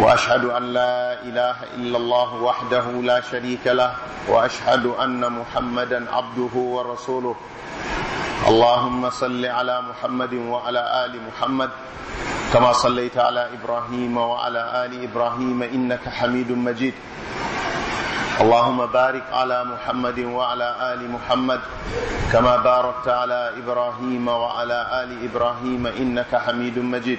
واشهد ان لا اله الا الله وحده لا شريك له واشهد ان محمدا عبده ورسوله اللهم صل على محمد وعلى ال محمد كما صليت على ابراهيم وعلى ال ابراهيم انك حميد مجيد اللهم بارك على محمد وعلى ال محمد كما باركت على ابراهيم وعلى ال ابراهيم انك حميد مجيد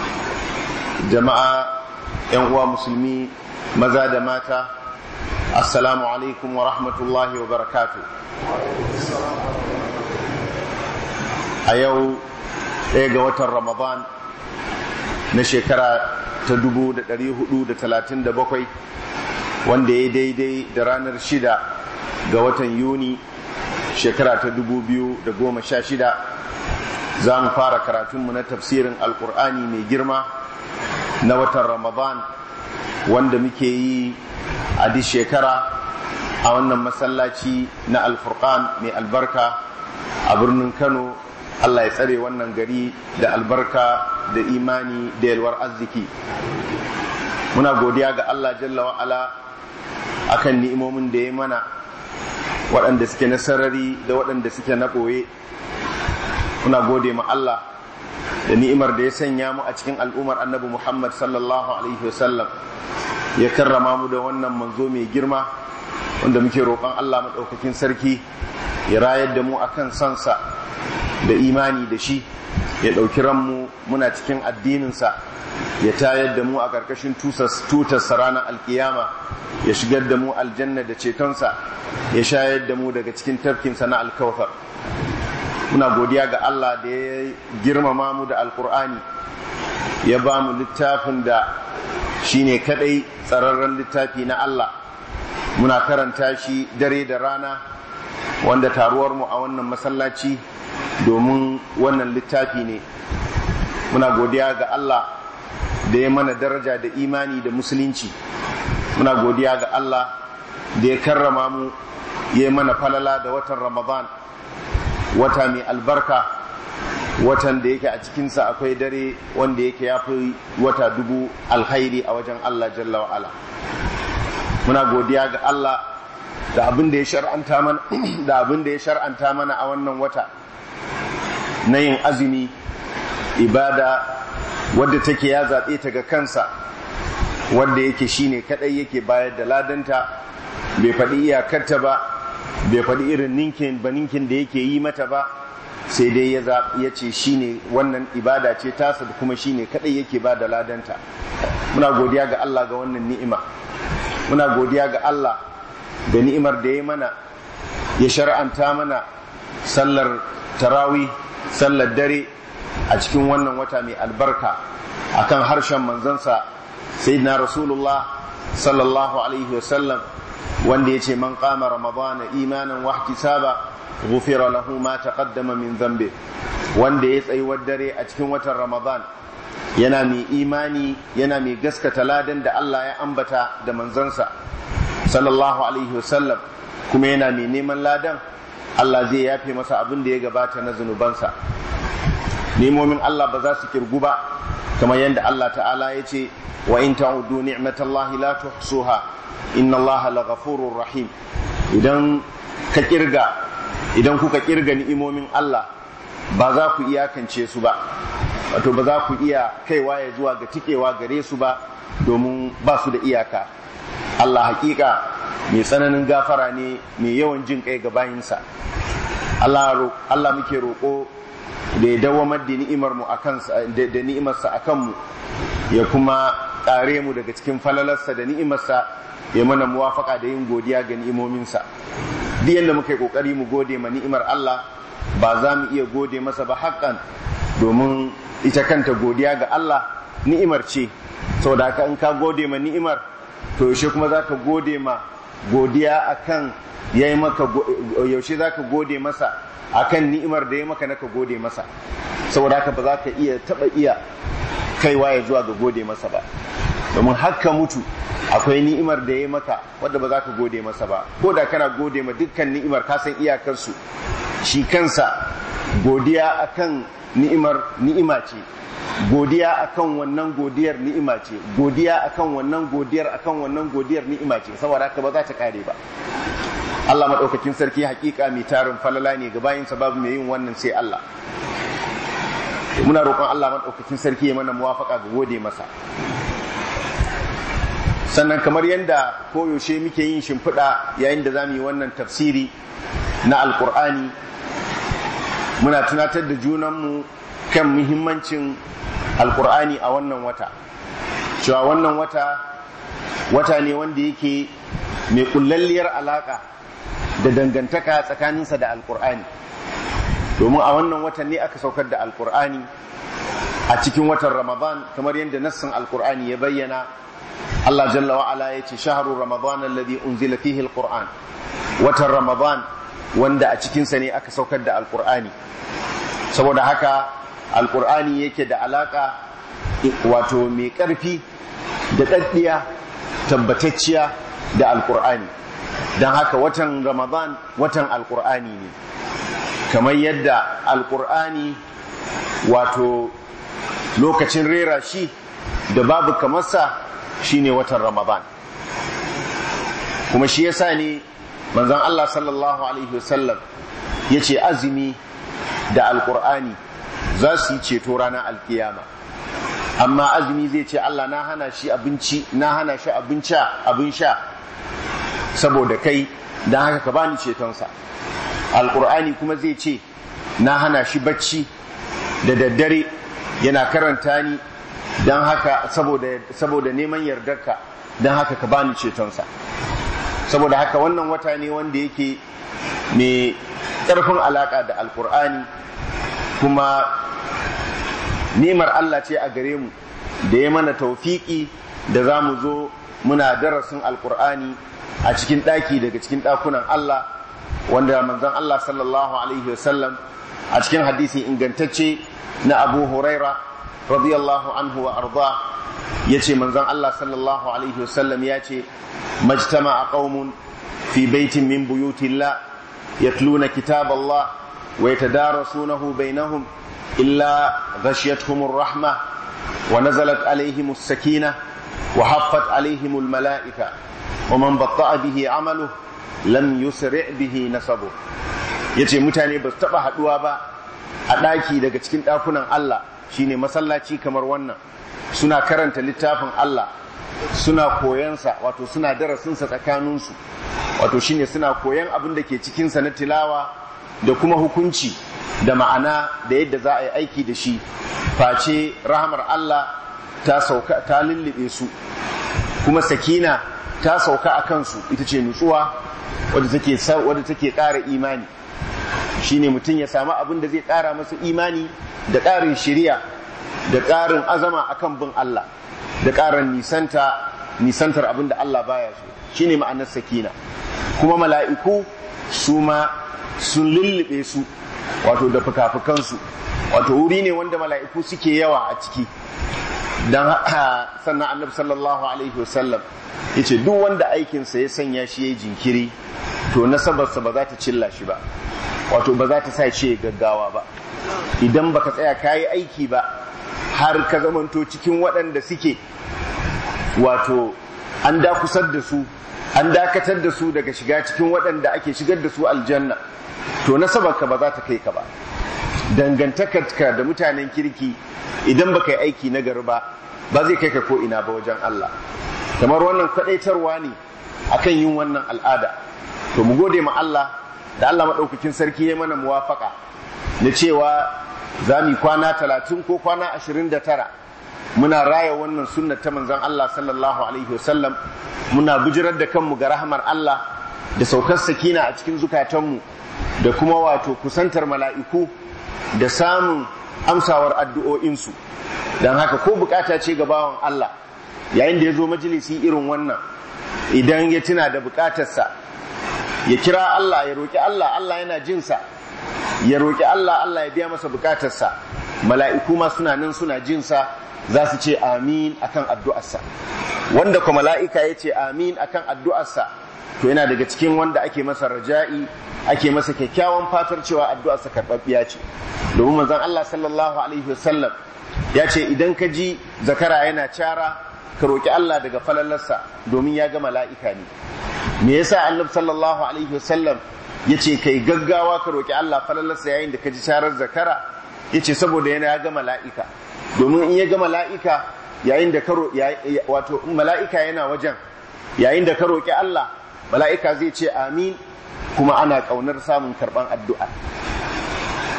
jama'a yan uwa musulmi maza da mata assalamu alaikum wa rahmatullahi wa barakatu a yau ɗaya ga watan ramadan na shekara ta bakwai, wanda ya daidai da ranar shida ga watan yuni shekara ta shida, za mu fara karatunmu na tafsirin alkur'ani mai girma na watan ramadan wanda muke yi a duk shekara a wannan masallaci na alfurkan mai albarka a birnin kano allah ya tsare wannan gari da albarka da imani da yalwar arziki muna godiya ga allah jalla wa'ala a kan ni'imomin da ya mana waɗanda suke na sarari da waɗanda suke na ɓoye muna gode ma allah da ni'imar da ya sanya mu a cikin al'ummar annabi Muhammad sallallahu alaihi wasallam ya karrama mu da wannan manzo mai girma wanda muke roƙon Allah maɗaukakin sarki ya rayar da mu a kan sansa da imani da shi ya ɗauki ranmu muna cikin addininsa ya tayar da mu a ƙarƙashin tutarsa ranar alkiyama ya shigar da mu aljanna da cetonsa ya shayar da mu daga cikin tafkinsa na alkawfar muna godiya ga Allah da ya girmama mu da alkur'ani ya ba mu littafin da shi ne kadai tsararren littafi na Allah muna karanta shi dare da rana wanda taruwar mu a wannan masallaci domin wannan littafi ne muna godiya ga Allah da ya mana daraja da imani da musulunci muna godiya ga Allah da ya karrama mu ya mana falala da watan Ramadan wata mai albarka watan da yake a cikinsa akwai dare wanda yake ya fi wata dubu alkhairi a wajen Allah jalla wa'ala muna godiya ga Allah da abin da ya shar'anta mana a wannan wata na yin azumi ibada wadda take ya zaɓe ta ga kansa wadda yake shine kadai yake bayar da ladanta bai faɗi iyakarta ba bai faɗi irin ninkin ba ninkin da yake yi mata ba sai dai ya ce shi ne wannan ibada ce tasa da kuma shi ne kaɗai yake ba da ladanta muna godiya ga Allah ga wannan ni'ima muna godiya ga Allah da ni'imar da ya mana ya shar'anta mana sallar tarawi sallar dare a cikin wannan wata mai albarka akan harshen manzansa sayyidina rasulullah sallallahu alaihi wasallam wanda ya ce man qama ramadana imanan wa ihtisaba gufira lahu ma taqaddama min dhanbi wanda ya tsayi dare a cikin watan ramadan yana mai imani yana mai gaskata ladan da Allah ya ambata da manzansa sallallahu alaihi wasallam kuma yana mai neman ladan Allah zai yafe masa abin da ya gabata na zunubansa nemomin Allah ba za su kirgu ba kamar yadda Allah ta'ala ya ce wa in ta'udu ni'matallahi la tuhsuha inna allaha ghafurur rahim idan ka kirga idan kuka kirga ni'imomin Allah ba za ku iyakance su ba wato ba za ku iya kaiwa ya zuwa ga tikewa gare su ba domin ba su da iyaka Allah hakika mai tsananin gafara ne mai yawan jin kai ga bayinsa Allah Allah muke roƙo da ya dawamar da ni'imar mu akan da ni'imarsa akan mu ya kuma ƙare mu daga cikin falalarsa da ni'imarsa ya mana muwafaka da yin godiya ga ni'imominsa duk yadda muka yi kokari mu gode ma ni'imar Allah ba za mu iya gode masa ba haƙƙan domin ita kanta godiya ga Allah ni'imar ce saboda haka in ka gode ma ni'imar to yaushe kuma za ka gode ma godiya akan yi maka yaushe za ka gode masa akan ni'imar da ya maka naka gode masa saboda haka ba za ka iya taba iya kaiwa ya zuwa ga gode masa ba domin hakka mutu akwai ni'imar da ya maka wadda ba za ka gode masa ba ko da kana gode ma dukkan ni'imar ka san iyakarsu shi kansa godiya akan ni'imar ni'ima ce godiya akan wannan godiyar ni'ima ce godiya akan wannan godiyar akan wannan godiyar ni'ima ce saboda haka ba za ta kare ba Allah madaukakin sarki hakika mai tarin falala ne ga bayansa sababu mai yin wannan sai Allah muna roƙon Allah maɗaukacin sarki ya mana muwafaƙa ga gode masa sannan kamar yadda koyaushe muke yin shimfiɗa yayin da za mu yi wannan tafsiri na Alƙur'ani, muna tunatar da junanmu kan muhimmancin Alƙur'ani a wannan wata cewa wannan wata wata ne wanda yake mai ƙullalliyar alaƙa da dangantaka tsakaninsa da Alƙur'ani. domin a wannan watan ne aka saukar da alkur'ani a cikin watan ramadan kamar yadda nassin alkur'ani ya bayyana Allah jalla wa ala yace shahru ramadan alladhi unzila fihi alquran watan ramadan wanda a cikinsa ne aka saukar da alkur'ani saboda haka alkur'ani yake da alaka wato mai karfi da daddiya tabbatacciya da alkur'ani don haka watan ramadan watan alkur'ani ne kamar yadda alkur'ani wato lokacin rera shi da babu kamarsa shine watan ramadan kuma shi yasa ne manzon Allah sallallahu alaihi wasallam yace azumi da alkur'ani za su yi ceto ranar alkiyama amma azumi zai ce Allah na hana shi abinci na hana shi abin sha saboda kai don haka ka bani cetonsa alkur'ani kuma zai ce na hana shi bacci da daddare yana karanta ni don haka saboda neman yardarka don haka ka bani cetonsa saboda haka wannan wata ne wanda yake mai ƙarfin alaƙa da alkur'ani kuma nemar Allah ce a gare mu da ya mana taufiki da za mu zo muna darasin alkur'ani a cikin ɗaki daga cikin ɗakunan Allah wanda manzon Allah sallallahu alaihi wasallam a cikin hadisi ingantacce na Abu Huraira radiyallahu anhu wa arda yace manzon Allah sallallahu alaihi wasallam yace majtama'a qaumun fi baitin min buyutillah yatluna kitaballah wa yatadarasunahu bainahum illa ghashiyatuhumur rahmah wa nazalat alaihimus sakinah wa haffat alaihimul mala'ika wa man batta'a bihi amalu. lam yusri' bihi nasabu yace mutane ba su taba haduwa ba a daki daga cikin dakunan Allah shine masallaci kamar wannan suna karanta littafin Allah suna sa wato suna darasinsa tsakaninsu wato shine suna koyon abin da ke cikin sa na tilawa da kuma hukunci da ma'ana da yadda za a yi aiki da shi face rahamar Allah ta sauka ta lullube su kuma sakina ta sauka a kansu ita ce nutsuwa wadda take wadda take ƙara imani shine mutum ya samu abin da zai ƙara masu imani da ƙarin shiriya da ƙarin azama akan bin Allah da ƙarin nisanta nisantar abin da Allah baya so shine ma'anar sakina kuma mala'iku su ma sun lullube su wato da fukafukansu wato wuri ne wanda mala'iku suke yawa a ciki dan sannan annabi sallallahu alaihi wasallam yace duk wanda aikinsa ya sanya shi ya yi jinkiri to nasabarsa ba za ta cilla shi ba wato ba za ta sa shi ya gaggawa ba idan ba ka tsaya kayi aiki ba har ka zamanto cikin waɗanda suke wato an dakusar da su an dakatar da su daga shiga cikin waɗanda ake shigar da su aljanna to nasabarka ba za ta kai ka ba dangantakarka da mutanen kirki idan ba ka yi aiki na gari ba ba zai kai ka ko'ina ba wajen Allah kamar wannan kwaɗaitarwa ne akan yin wannan al'ada to mu gode ma Allah da Allah maɗaukakin sarki ya mana muwafaka na cewa za mu kwana talatin ko kwana ashirin da tara muna raya wannan sunna ta manzon Allah sallallahu alaihi wasallam muna gujirar da kanmu ga rahmar Allah da saukar sakina a cikin zukatanmu da kuma wato kusantar mala'iku da samun amsawar addu'o'insu don haka ko bukata ce ga bawan Allah yayin da ya zo majalisi irin wannan idan ya tuna da bukatarsa ya kira Allah ya roƙi Allah Allah yana jinsa ya roƙi Allah Allah ya biya masa bukatarsa mala'iku ma suna nan suna jinsa za su ce amin akan addu'arsa wanda kuma mala'ika ya ce amin akan addu'arsa to yana daga cikin wanda ake masa raja'i ake masa kyakkyawan fatar cewa addu'arsa karɓaɓɓiya ce domin manzon Allah sallallahu alaihi wasallam ya ce idan ka ji zakara yana cara ka roƙi Allah daga falalarsa domin ya ga mala'ika ne me yasa annabi sallallahu alaihi wasallam ya ce kai gaggawa ka roƙi Allah falalarsa yayin da ka ji carar zakara ya ce saboda yana ya ga mala'ika domin in ya ga mala'ika yayin da karo wato mala'ika yana wajen yayin da ka roki Allah mala'ika zai ce amin kuma ana kaunar samun karban addu'a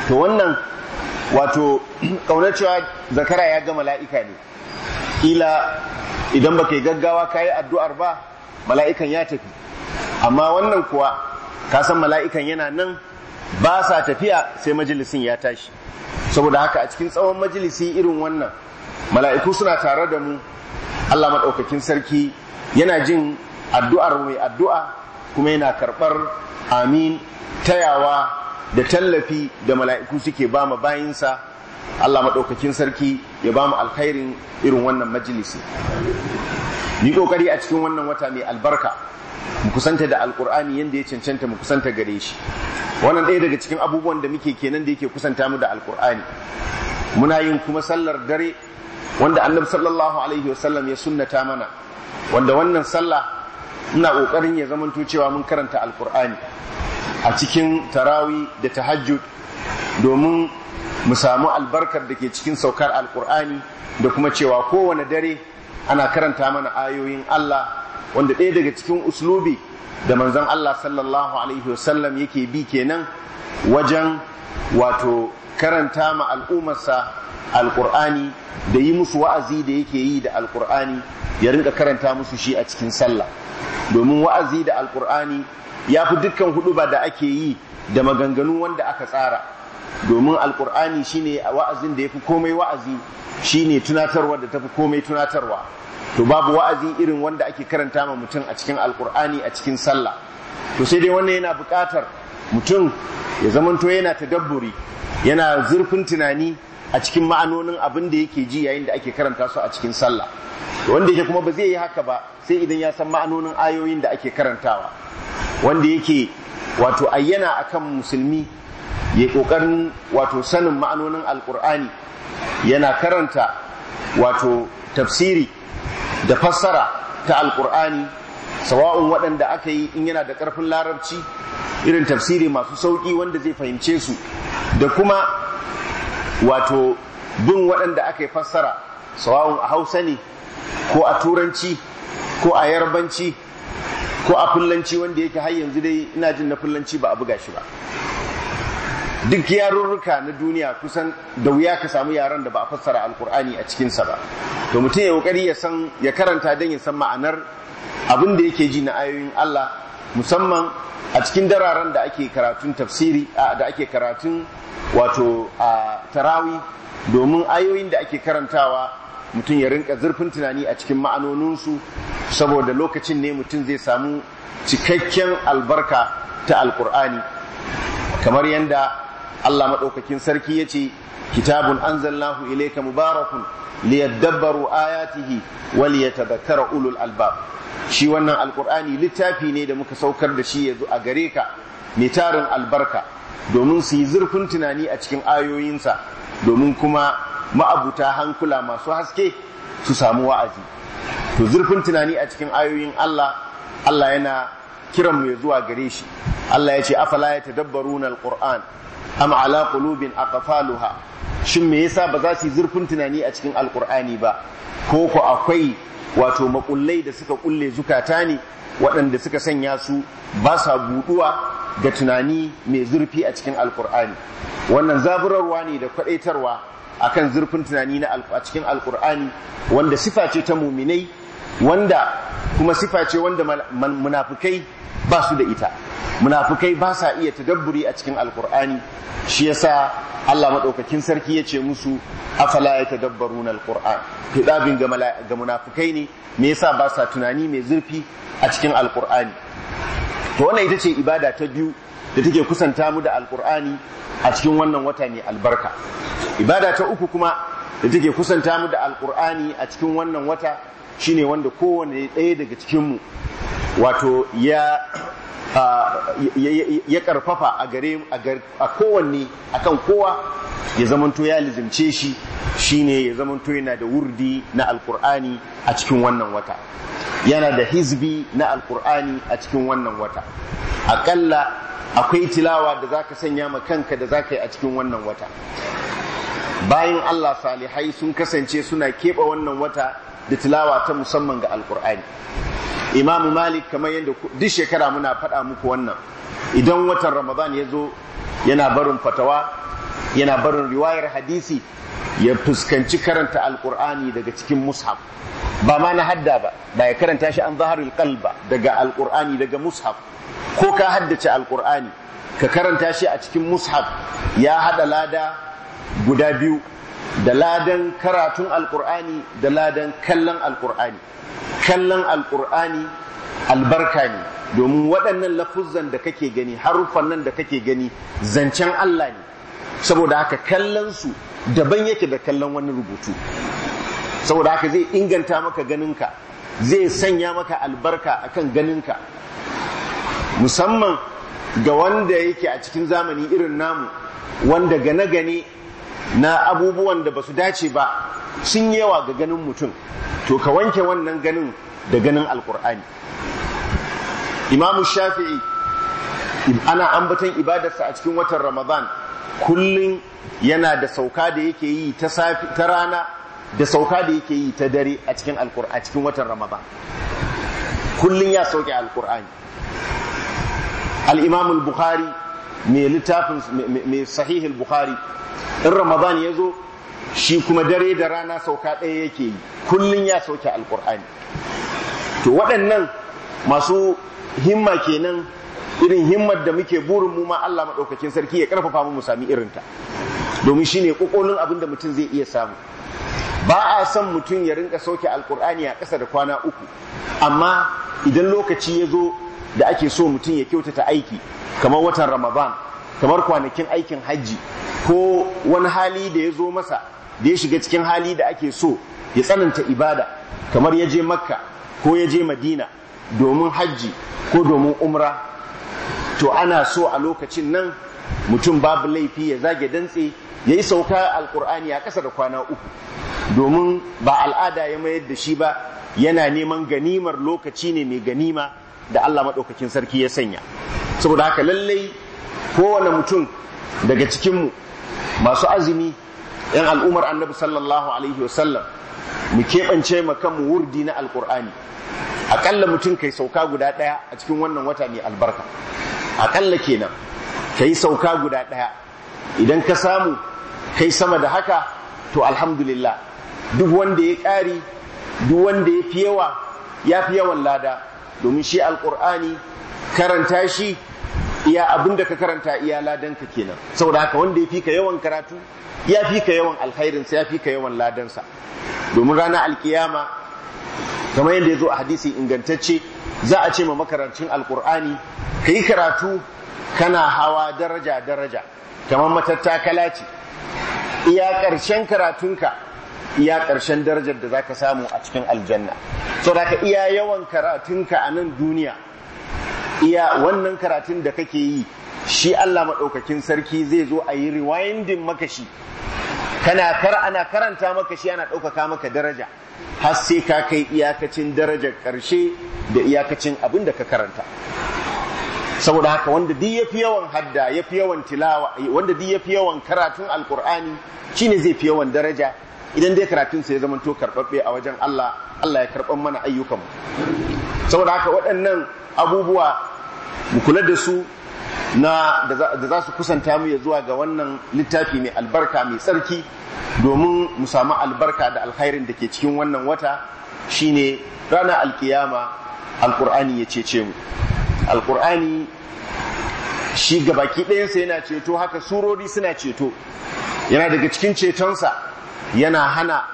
to wannan wato kaunar cewa zakara ya ga mala'ika ne kila idan baka yi gaggawa kayi addu'ar ba mala'ikan ya tafi amma wannan kuwa kasan mala'ikan yana nan ba sa tafiya sai majalisin ya tashi saboda haka a cikin tsawon majalisi irin wannan mala'iku suna tare da mu Allah maɗaukakin sarki yana jin addu'ar mai addu'a kuma yana karɓar amin tayawa da tallafi da mala'iku suke ba mu bayinsa Allah maɗaukakin sarki ya ba mu alkhairin irin wannan majalisi yi ƙoƙari a cikin wannan wata mai albarka mu kusanta da alkur'ani yadda ya cancanta mu kusanta gare shi wannan ɗaya daga cikin abubuwan da muke kenan da yake kusanta mu da alkur'ani muna yin kuma sallar dare wanda annabi sallallahu alaihi wasallam ya sunnata mana wanda wannan sallah ina kokarin ya zamanto cewa mun karanta alkur'ani a cikin tarawi da tahajjud domin mu samu albarkar da ke cikin saukar alkur'ani da kuma cewa kowane dare ana karanta mana ayoyin Allah wanda ɗaya daga cikin uslubi da manzan Allah sallallahu alaihi wasallam yake bi kenan wajen wato karanta ma al'ummarsa alƙur'ani da yi musu wa'azi da yake yi da alƙur'ani ya rinka karanta musu shi a cikin sallah domin wa'azi da alƙur'ani ya fi dukkan hudu ba da ake yi da maganganu wanda aka tsara domin alƙur'ani shine wa'azin da ya fi komai wa'azi shine tunatarwa da ta fi komai tunatarwa to babu wa'azi irin wanda ake karanta ma mutum a cikin alkur'ani a cikin sallah to sai dai wannan yana buƙatar mutum ya zamanto yana tadabburi yana zurfin tunani a cikin ma'anonin abin da yake ji yayin da ake karanta su a cikin sallah wanda yake kuma ba zai yi haka ba sai idan ya san ma'anonin ayoyin da ake karantawa wanda yake wato ayyana akan musulmi ya kokarin wato sanin ma'anonin alkur'ani yana karanta wato tafsiri da fassara ta alkur'ani sawa'un waɗanda aka yi in yana da ƙarfin larabci irin tafsiri masu sauƙi wanda zai fahimce su da kuma wato bin waɗanda aka yi fassara sawa'un a hausa ne ko a turanci ko a yarbanci ko a Fulanci wanda yake har yanzu dai ina jin na Fulanci ba a buga shi ba duk yarurruka na duniya kusan da wuya ka samu yaren da ba a fassara alkur'ani a cikinsa ba to mutum ya kokari ya san ya karanta don ya san ma'anar abin da yake ji na ayoyin Allah musamman a cikin dararen da ake karatun tafsiri da ake karatun wato a tarawi domin ayoyin da ake karantawa mutum ya rinka zurfin tunani a cikin ma'anoninsu saboda lokacin ne mutum zai samu cikakken albarka ta alkur'ani kamar yadda Allah madaukakin sarki yace kitabun anzalnahu ilayka mubarakun liyadabbaru ayatihi wa liyatadhakkara ulul albab shi wannan alqur'ani littafi ne da muka saukar da shi yanzu a gare ka mai tarin albarka domin su yi zurfin tunani a cikin ayoyinsa domin kuma ma'abuta hankula masu haske su samu wa'azi to zurfin tunani a cikin ayoyin Allah Allah yana kiran mu ya zuwa gare shi Allah ya ce afala ya nal alquran am ala qulubin aqfaluha shin me yasa ba za su yi zurfin tunani a cikin alkur'ani ba ko ko akwai wato makullai da suka kulle zukata ne waɗanda suka sanya su ba sa buɗuwa ga tunani mai zurfi a cikin alkur'ani wannan zaburarwa ne da kwaɗaitarwa akan zurfin tunani na a cikin alkur'ani wanda sifa ce ta muminai wanda kuma sifa ce wanda munafukai ba su da ita munafukai ba sa iya tadabburi a cikin alkur'ani shi yasa Allah maɗaukakin sarki ya ce musu afala ya na alkur'an hidabin ga munafukai ne me yasa ba sa tunani mai zurfi a cikin alkur'ani to wannan ita ce ibada ta biyu da take kusanta mu da alkur'ani a cikin wannan wata ne albarka ibada ta uku kuma da take kusanta mu da alkur'ani a cikin wannan wata shine wanda kowane ɗaya daga cikinmu wato ya ya karfafa a gare a kowanne akan kowa ya zamanto ya lizimce shi shine ya zamanto yana da wurdi na alkur'ani a cikin wannan wata yana da hizbi na alkur'ani a cikin wannan wata akalla akwai tilawa da zaka sanya ma kanka da zaka yi a cikin wannan wata bayan Allah salihai sun kasance suna keɓe wannan wata da tilawa ta musamman ga alkur'ani imamu malik kamar yadda duk shekara muna faɗa muku wannan idan watan ramadan ya zo yana barin fatawa yana barin riwayar hadisi ya fuskanci karanta alkur'ani daga cikin mushaf ba ma na hadda ba ba ya karanta shi an zaharul kalba daga alkur'ani daga mushaf ko ka haddace alkur'ani ka karanta shi a cikin mushaf ya hada lada guda biyu da ladan karatun alkur'ani da ladan kallon alkur'ani kallon alkur'ani albarka ne domin waɗannan lafuzan da kake gani haruffan nan da kake gani zancen Allah ne saboda haka kallon su daban yake da kallon wani rubutu saboda haka zai inganta maka ganinka zai sanya maka albarka akan ganinka musamman ga wanda yake a cikin zamani irin namu wanda gane-gane na abubuwan da ba su dace ba sun yawa ga ganin mutum to ka wanke wannan ganin da ganin alkur'ani imamu shafi'i ana ambatan ibadarsa a cikin watan ramadan kullum yana da sauka da yake yi ta rana da sauka da yake yi ta dare a cikin a cikin watan ramadan kullum ya sauke alkur'ani al imamul bukhari mai littafin mai sahihul bukhari in ramadan ya zo shi kuma dare da rana sauka ɗaya yake yi kullum ya sauke alkur'ani to waɗannan masu himma kenan irin himmar da muke burin mu ma Allah maɗaukakin sarki ya ƙarfafa mu mu sami ta. domin shine kokolin abin da mutum zai iya samu ba a son mutum ya rinka sauke alkur'ani a ƙasa da kwana uku amma idan lokaci ya zo da ake so mutum ya kyautata aiki kamar watan ramadan kamar kwanakin aikin hajji ko wani hali da ya zo masa da ya shiga cikin hali da ake so ya tsananta ibada kamar ya je makka ko ya je madina domin hajji ko domin umra to ana so a lokacin nan mutum babu laifi ya zage dantse ya yi sauka alkur'ani a ƙasa da kwana uku domin ba al'ada ya mayar da shi ba yana neman ganimar lokaci ne mai ganima da Allah maɗaukakin sarki ya sanya saboda haka lallai kowane mutum daga cikinmu masu azumi yan al'umar annabi sallallahu alaihi wasallam mu keɓance ma kanmu wurdi na alƙur'ani aƙalla mutum kai sauka guda ɗaya a cikin wannan wata mai albarka aƙalla kenan kai sauka guda ɗaya idan ka samu kai sama da haka to alhamdulillah duk wanda ya ƙari duk wanda ya fi yawa ya fi yawan lada domin shi alkur'ani karanta shi iya abin da ka karanta iya ladanka kenan saboda haka wanda ya fi ka yawan karatu ya fi ka yawan alkhairinsa ya fi ka yawan ladansa domin rana alkiyama kamar yadda ya zo a hadisi ingantacce za a ce ma makarancin alkur'ani ka yi karatu kana hawa daraja daraja kamar matattakala ce iya ƙarshen karatunka iya ƙarshen darajar da zaka samu a cikin aljanna so da ka iya yawan karatunka a nan duniya iya wannan karatun da kake yi shi Allah maɗaukakin sarki zai zo a yi rewinding maka kana kar ana karanta maka shi ana ɗaukaka maka daraja har sai ka kai iyakacin darajar ƙarshe da iyakacin abin da ka karanta saboda haka wanda duk yafi yawan hadda yafi yawan tilawa wanda duk yafi yawan karatun alkur'ani shine zai fi yawan daraja idan dai karatun sai ya zama to karɓaɓɓe a wajen Allah Allah ya karɓar mana ayyukanmu saboda haka waɗannan abubuwa mu kula da su na da za su kusanta mu ya zuwa ga wannan littafi mai albarka mai tsarki domin mu samu albarka da alkhairin da ke cikin wannan wata shine rana alkiyama alkur'ani ya cece mu alkur'ani shi gabaki ɗayansa yana ceto haka surori suna ceto yana daga cikin cetonsa yana hana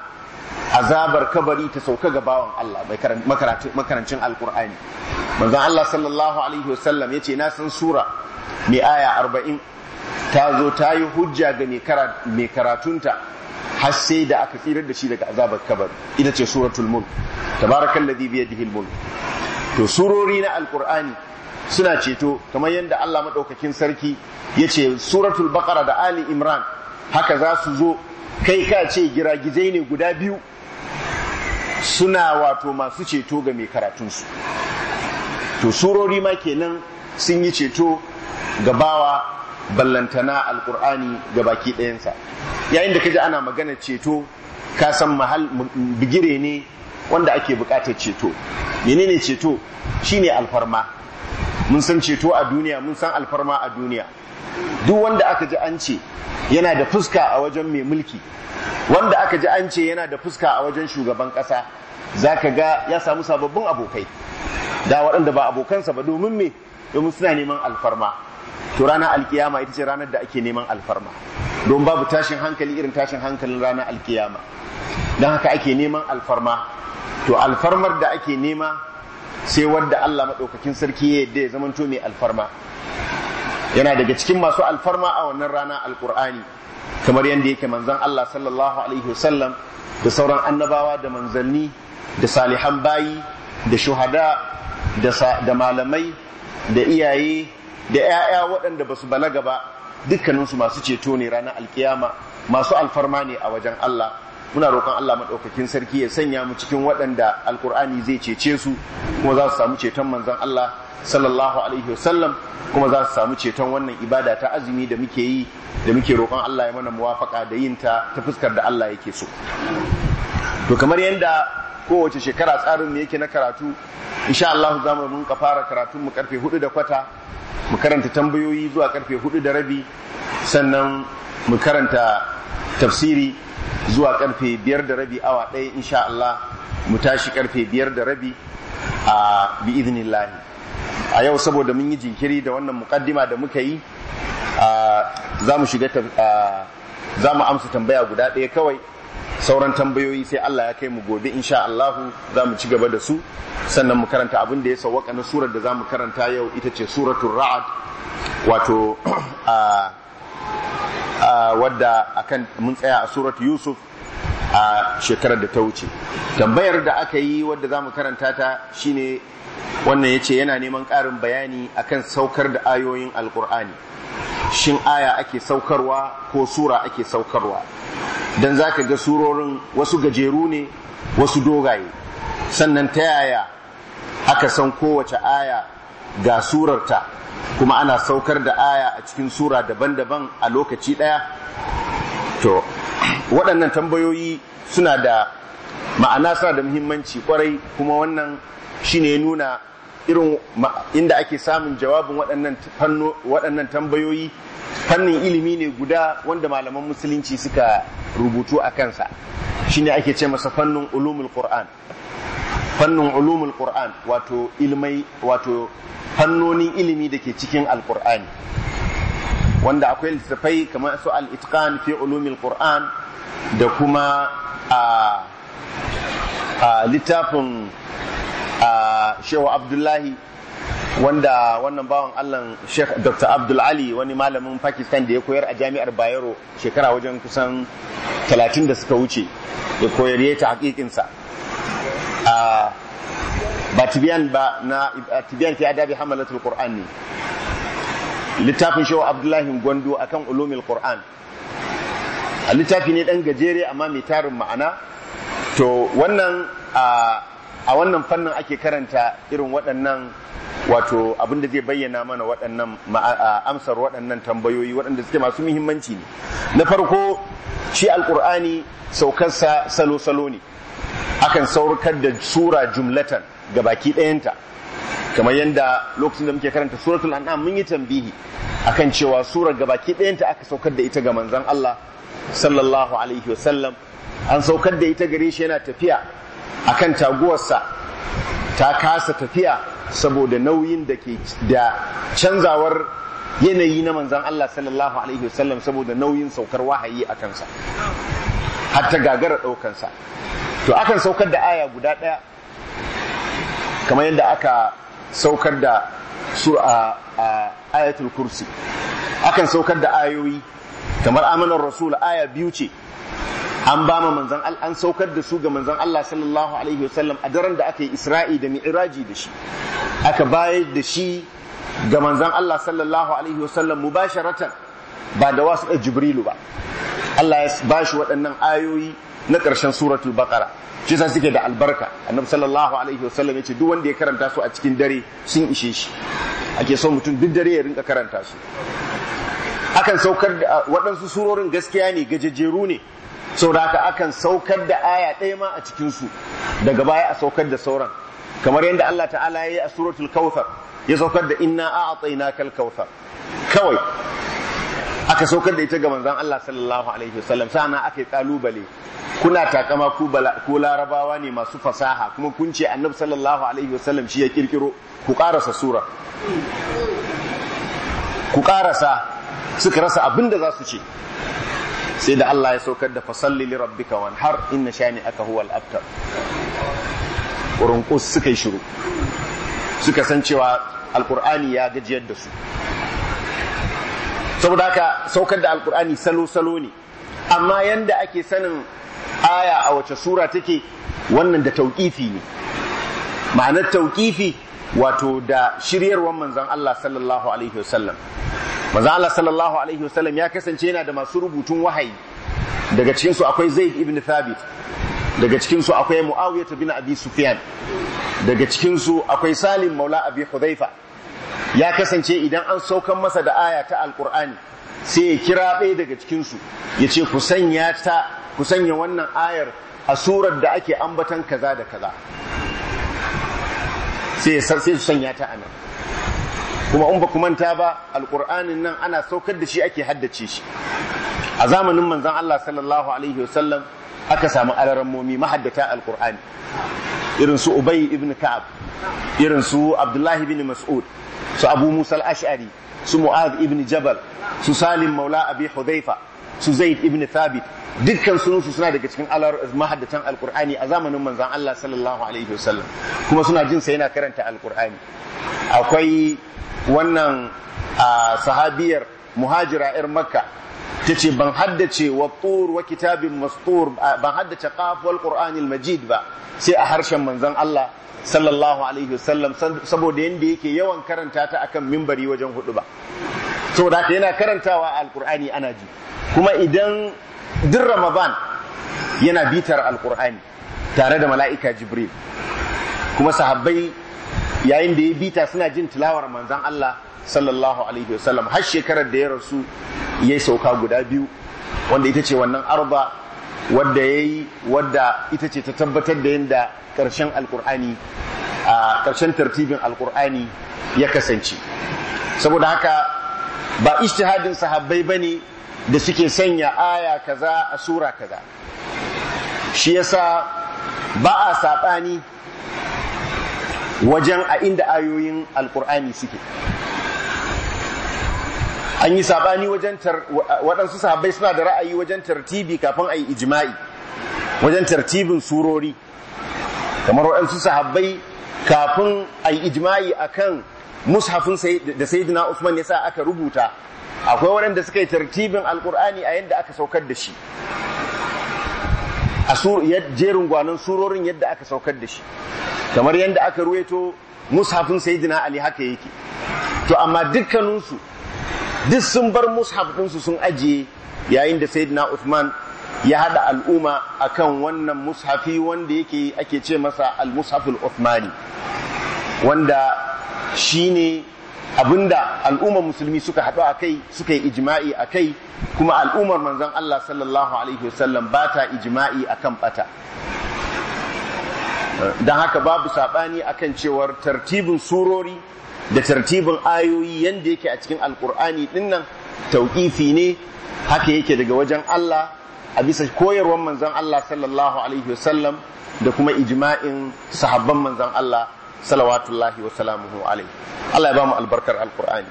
azabar kabari ta sauka ga bawan Allah makarancin alkur'ani manzon Allah sallallahu alaihi wasallam yace na san sura mai aya arba'in ta zo ta yi hujja ga mai karatunta har sai da aka tsirar da shi daga azabar kabari ita ce suratul mulk tabarakan ladhi bi yadihi mulk to surori na alkur'ani suna ceto kamar yadda Allah madaukakin sarki yace suratul baqara da ali imran haka za su zo kai ka ce gira gizai ne guda biyu suna wato masu ceto ga mai karatunsu to surori ma kenan sun yi ceto ga bawa ballantana alkur'ani ga baki ɗayansa yayin da kaji ana magana ceto ka san mahal bigire ne wanda ake buƙatar ceto menene ceto shine alfarma mun san ceto a duniya mun san alfarma a duniya duk wanda aka ji an ce yana da fuska a wajen mai mulki wanda aka ji an ce yana da fuska a wajen shugaban ƙasa za ka ga ya samu sababbin abokai da waɗanda ba abokansa ba domin me domin suna neman alfarma to ranar alkiyama ita ce ranar da ake neman alfarma don babu tashin hankali irin tashin hankalin ranar alkiyama don haka ake neman alfarma to alfarmar da ake nema sai wadda Allah maɗaukakin sarki ya yadda ya zamanto mai alfarma yana daga cikin masu alfarma a wannan rana alkur'ani kamar yadda yake manzon Allah sallallahu alaihi wasallam da sauran annabawa da manzanni da salihan bayi da shuhada da malamai da iyaye da 'ya'ya waɗanda ba su balaga ba dukkaninsu masu ceto ne ranar alkiyama masu alfarma ne a wajen Allah muna roƙon Allah maɗaukakin sarki ya sanya mu cikin waɗanda alkur'ani zai cece su kuma za su samu ceton manzon Allah sallallahu alaihi wasallam kuma za su samu ceton wannan ibada ta azumi da muke yi da muke roƙon Allah ya mana muwafaka da yin ta ta fuskar da Allah yake so to kamar yadda kowace shekara tsarin yake na karatu insha Allah za mu rinka fara karatun mu karfe hudu da kwata mu karanta tambayoyi zuwa karfe hudu da rabi sannan mu karanta tafsiri zuwa karfe biyar da rabi awa ɗaya insha Allah mu tashi karfe biyar da rabi a bi idnillahi a yau saboda mun yi jinkiri da wannan mukaddima da muka yi za mu shiga za mu amsa tambaya guda ɗaya kawai sauran tambayoyi sai Allah ya kai mu gobe insha Allah za mu ci gaba da su sannan mu karanta abin da ya sawwaka na surar da za mu karanta yau ita ce suratul ra'ad wato wadda akan mun tsaya a surat yusuf a shekarar da ta wuce tambayar da aka yi wadda za mu karanta ta shine wannan ya ce yana neman ƙarin bayani akan saukar da ayoyin alkur'ani shin aya ake saukarwa ko sura ake saukarwa don za ka ga surorin wasu gajeru ne wasu dogaye sannan ta yaya aka san kowace aya ga surarta kuma ana saukar da aya a cikin sura daban-daban a lokaci ɗaya to waɗannan tambayoyi suna da ma'ana suna da muhimmanci kwarai kuma wannan shi ne nuna irin inda ake samun jawabin waɗannan tambayoyi fannin ilimi ne guda wanda malaman musulunci suka rubutu a kansa shine ake ce masa fannin ulumul qur'an fannin ulumul qur'an wato ilmai wato fannonin ilimi da ke cikin alqur'ani wanda akwai littattafai kamar su al-itqan fi ulumil qur'an da kuma a littafin shehu abdullahi wanda wannan bawan allah sheikh dr abdul ali wani malamin pakistan da ya koyar a jami'ar bayero shekara wajen kusan 30 da suka wuce ya koyar ya ta hakikinsa ba tibiyan ba na tibiyan fi adabi hamalatul qur'an ne littafin shehu abdullahi a akan ulumil qur'an a littafi ne ɗan gajere amma mai tarin ma'ana to wannan a wannan fannin ake karanta irin waɗannan wato abinda zai bayyana mana waɗannan amsar waɗannan tambayoyi waɗanda suke masu muhimmanci ne na farko shi alkur'ani saukarsa salo-salo ne akan saukar da sura jumlatan ga baki ɗayanta kamar yadda lokacin da muke karanta suratul an'am mun yi tambihi akan cewa surar gabaki ɗayanta aka saukar da ita ga manzon Allah sallallahu alaihi wasallam an saukar da ita gare shi yana tafiya akan taguwarsa ta kasa tafiya saboda nauyin da ke da canzawar yanayi na manzan Allah sallallahu Alaihi wasallam saboda nauyin saukar wahayi a kansa hatta gagara ɗaukansa to akan saukar da aya guda ɗaya kamar yadda aka saukar da su a ayatul kursi akan saukar da ayoyi kamar amanar rasul aya biyu ce an ba ma manzan an saukar da su ga manzan Allah sallallahu alaihi wasallam a daren da aka yi Isra'i da Mi'raji da shi aka bayar da shi ga manzan Allah sallallahu alaihi wasallam mubasharatan ba da wasu da Jibrilu ba Allah ya ba shi waɗannan ayoyi na ƙarshen suratul baqara shi sa suke da albarka annabi sallallahu alaihi wasallam yace duk wanda ya karanta su a cikin dare sun ishe shi ake so mutum duk dare ya rinka karanta su akan saukar da waɗansu surorin gaskiya ne gajejeru ne saboda haka akan saukar da aya ɗaya ma a cikin su daga baya a saukar da sauran kamar yadda Allah ta'ala ya yi a suratul kawthar ya saukar da inna a'tainakal kawthar kawai aka saukar da ita ga manzon Allah sallallahu alaihi wasallam sana aka yi kalubale kuna takama ko larabawa ne masu fasaha kuma kun ce annabi sallallahu alaihi wasallam shi ya kirkiro ku karasa sura ku karasa suka rasa abin da za su ce sai da Allah ya saukar da fasalli li rabbika wanhar inna shani aka huwa al-abtar suka yi shiru suka san cewa alqur'ani ya gajiyar da su saboda haka saukar da alkur'ani salo-salo ne amma yanda ake sanin aya a wace sura take wannan da tauƙifi ne ma'anar tauƙifi wato da shiryarwar manzan Allah sallallahu alaihi wasallam manzan Allah sallallahu alaihi wasallam ya kasance yana da masu rubutun wahayi daga cikin akwai Zaid ibn Thabit daga cikin akwai Muawiyah bin Abi Sufyan daga cikin akwai Salim maula Abi Hudhaifa ya kasance idan an saukan masa da aya ta alkur'ani sai ya kira ɗaya daga cikinsu ya ce ku sanya wannan ayar a surar da ake ambatan kaza da kaza sai su sanya ta a nan kuma in ba ku manta ba alkur'anin nan ana saukar da shi ake haddace shi a zamanin manzon Allah sallallahu alaihi wasallam aka samu momi mahaddata alkur'ani irin su ubay ibn ka'ab irin su abdullahi ibn mas'ud su abu musa ashari su mu'ad ibn jabal su salim maula abi hudhaifa su zaid ibn thabit dukkan sunansu suna daga cikin mahaddatan alkur'ani a zamanin manzan Allah sallallahu alaihi wasallam kuma suna jin sa yana karanta alkur'ani akwai wannan sahabiyar muhajira yar makka ta ce ban haddace wa tur wa kitabin mastur ban haddace qaf wal qur'anil majid ba sai a harshen manzan Allah sallallahu alaihi wasallam saboda yanda yake yawan karanta ta akan mimbari wajen hudu ba saboda haka yana karantawa alkur'ani ana ji kuma idan duk ramadan yana bitar alkur'ani tare da mala'ika jibril kuma sahabbai yayin da ya bita suna jin tilawar manzon Allah sallallahu alaihi wasallam har shekarar da ya rasu ya sauka guda biyu wanda ita ce wannan arba wadda ya yi wadda ita ce ta tabbatar da yadda ƙarshen alkur'ani a ƙarshen tartibin alkur'ani ya kasance saboda haka ba ishtihadin sahabbai ba ne da suke sanya aya kaza a sura kaza shi yasa ba a saɓani wajen a inda ayoyin alkur'ani suke an yi sabani wajen waɗansu sahabbai suna da ra'ayi wajen tartibi kafin a yi ijima'i wajen tartibin surori kamar waɗansu sahabbai kafin a yi ijima'i akan mushafin da sayyidina Usman ya sa aka rubuta akwai waɗanda suka yi tartibin alkur'ani a yadda aka saukar da shi a jerin gwanon surorin yadda aka saukar da shi kamar yadda aka ruweto mushafin sayyidina Ali haka yake to amma dukkaninsu duk sun bar mushaf ɗinsu sun ajiye yayin da sayyidina Uthman ya haɗa al'umma akan wannan mushafi wanda yake ake ce masa al-mushaful Uthmani wanda shine abinda al'ummar musulmi suka haɗu a kai suka yi ijima'i a kai kuma al'ummar manzon Allah sallallahu alaihi wasallam ba ta ijima'i akan ɓata. don haka babu saɓani akan cewar tartibin surori da tartibin ayoyi yadda yake a cikin alkur'ani dinnan tauƙifi ne haka yake daga wajen Allah a bisa koyarwar manzon Allah sallallahu alaihi wasallam da kuma ijma'in sahabban manzon Allah salawatullahi wa salamuhu alaihi Allah ya ba mu albarkar alkur'ani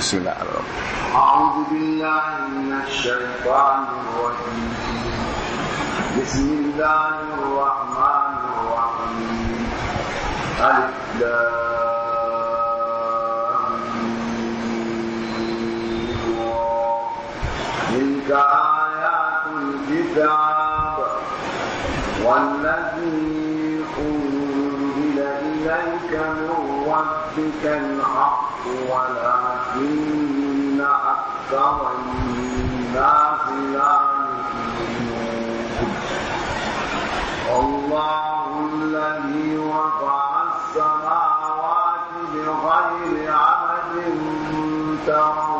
bismillah ar-rahman a'udhu billahi minash alif lam آيات الكتاب والذي أنزل إليك من ربك الحق ولكن أكثر الناس لا يؤمنون الله الذي وضع السماوات بغير عمد ترون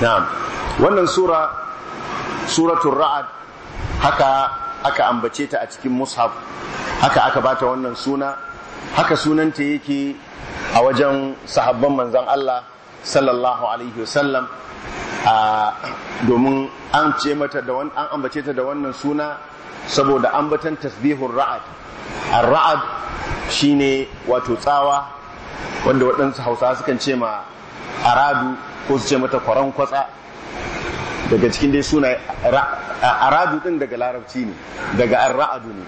na'am wannan sura suratul ra'ad haka aka ambace ta a cikin mushaf haka aka bata wannan suna haka sunanta yake a wajen sahabban manzon Allah sallallahu alaihi wasallam a domin an ce mata da an ambace ta da wannan suna saboda ambatan tasbihur ra'ad ar-ra'ad shine wato tsawa wanda waɗansu hausa sukan ce ma aradu ko su ce mata kwaran kwatsa daga cikin dai suna aradu din daga larabci ne daga ra'adu ne